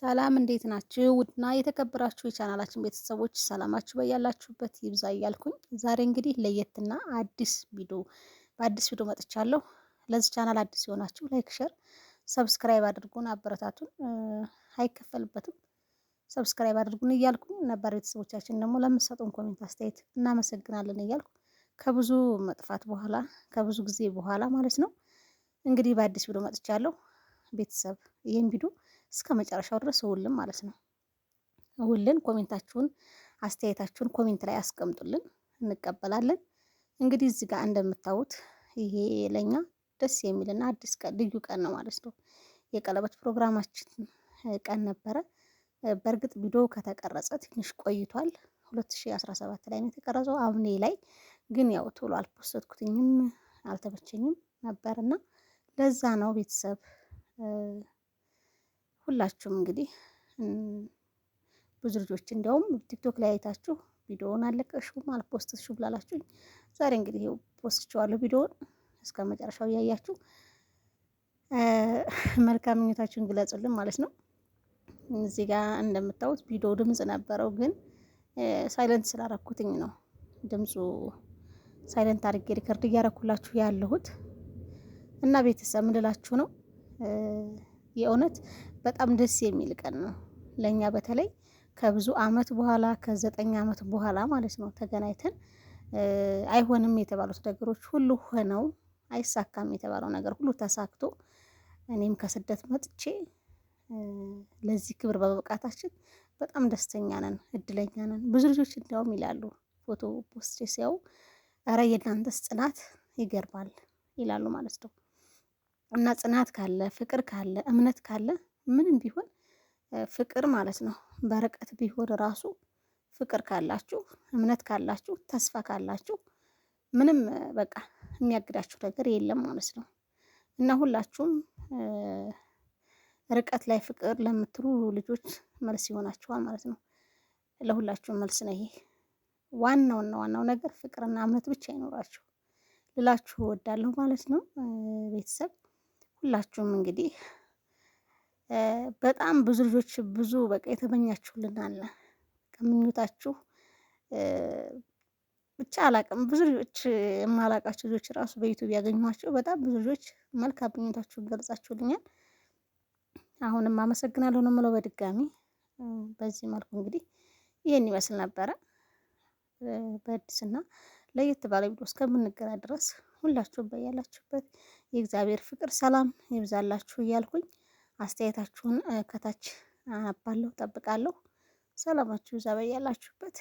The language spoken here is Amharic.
ሰላም እንዴት ናችሁ? ውድና የተከበራችሁ የቻናላችን ቤተሰቦች ሰላማችሁ በያላችሁበት ይብዛ እያልኩኝ ዛሬ እንግዲህ ለየትና አዲስ ቪዲዮ በአዲስ ቪዲዮ መጥቻለሁ። ለዚህ ቻናል አዲስ የሆናችሁ ላይክ፣ ሸር፣ ሰብስክራይብ አድርጉን፣ አበረታቱን። አይከፈልበትም። ሰብስክራይብ አድርጉን እያልኩኝ ነባር ቤተሰቦቻችን ደግሞ ለምትሰጡን ኮሜንት፣ አስተያየት እናመሰግናለን እያልኩ ከብዙ መጥፋት በኋላ ከብዙ ጊዜ በኋላ ማለት ነው እንግዲህ በአዲስ ቪዲዮ መጥቻለሁ። ቤተሰብ ይህን ቪዲዮ እስከ መጨረሻው ድረስ እውልን ማለት ነው። እውልን ኮሜንታችሁን፣ አስተያየታችሁን ኮሜንት ላይ አስቀምጡልን፣ እንቀበላለን። እንግዲህ እዚህ ጋር እንደምታዩት ይሄ ለኛ ደስ የሚልና አዲስ ቀን ልዩ ቀን ነው ማለት ነው። የቀለበት ፕሮግራማችን ቀን ነበረ። በእርግጥ ቪዲዮ ከተቀረጸ ትንሽ ቆይቷል። 2017 ላይ ነው የተቀረጸው። አብኔ ላይ ግን ያው ቶሎ አልፖስትኩትኝም አልተመቸኝም ነበር እና ለዛ ነው ቤተሰብ ሁላችሁም እንግዲህ ብዙ ልጆች እንደውም ቲክቶክ ላይ አይታችሁ ቪዲዮውን አለቀሽውም አልፖስትሽውም ላላችሁኝ ዛሬ እንግዲህ ፖስትችዋለሁ ቪዲዮውን እስከ መጨረሻው እያያችሁ መልካም ምኞታችሁን ግለጹልን ማለት ነው። እዚህ ጋር እንደምታዩት ቪዲዮ ድምጽ ነበረው፣ ግን ሳይለንት ስላረኩትኝ ነው ድምፁ ሳይለንት አድርጌ ሪከርድ እያረኩላችሁ ያለሁት እና ቤተሰብ ምልላችሁ ነው የእውነት በጣም ደስ የሚል ቀን ነው ለእኛ በተለይ ከብዙ አመት በኋላ ከዘጠኝ አመት በኋላ ማለት ነው ተገናኝተን አይሆንም የተባሉት ነገሮች ሁሉ ሆነው አይሳካም የተባለው ነገር ሁሉ ተሳክቶ እኔም ከስደት መጥቼ ለዚህ ክብር በመብቃታችን በጣም ደስተኛ ነን፣ እድለኛ ነን። ብዙ ልጆች እንዲያውም ይላሉ ፎቶ ፖስቼ ሲያዩ እረ የእናንተስ ጽናት ይገርማል ይላሉ ማለት ነው። እና ጽናት ካለ ፍቅር ካለ እምነት ካለ ምንም ቢሆን ፍቅር ማለት ነው። በርቀት ቢሆን ራሱ ፍቅር ካላችሁ እምነት ካላችሁ ተስፋ ካላችሁ ምንም በቃ የሚያግዳችሁ ነገር የለም ማለት ነው እና ሁላችሁም ርቀት ላይ ፍቅር ለምትሉ ልጆች መልስ ይሆናችኋል ማለት ነው። ለሁላችሁም መልስ ነው ይሄ። ዋናውና ዋናው ነገር ፍቅርና እምነት ብቻ ይኖራችሁ ልላችሁ እወዳለሁ ማለት ነው ቤተሰብ ሁላችሁም እንግዲህ በጣም ብዙ ልጆች ብዙ በቃ የተመኛችሁልን አለ ከምኞታችሁ ብቻ አላቅም ብዙ ልጆች የማላቃቸው ልጆች ራሱ በዩቱብ ያገኟቸው በጣም ብዙ ልጆች መልካም ምኞታችሁን ገልጻችሁልኛል። አሁንም አመሰግናለሁ ነው ምለው በድጋሚ። በዚህ መልኩ እንግዲህ ይህን ይመስል ነበረ። በአዲስና ለየት ባለ ቪዲዮ እስከምንገናኝ ድረስ ሁላችሁም በያላችሁበት የእግዚአብሔር ፍቅር ሰላም ይብዛላችሁ እያልኩኝ አስተያየታችሁን ከታች አነባለሁ፣ ጠብቃለሁ። ሰላማችሁ ይዛ በያላችሁበት።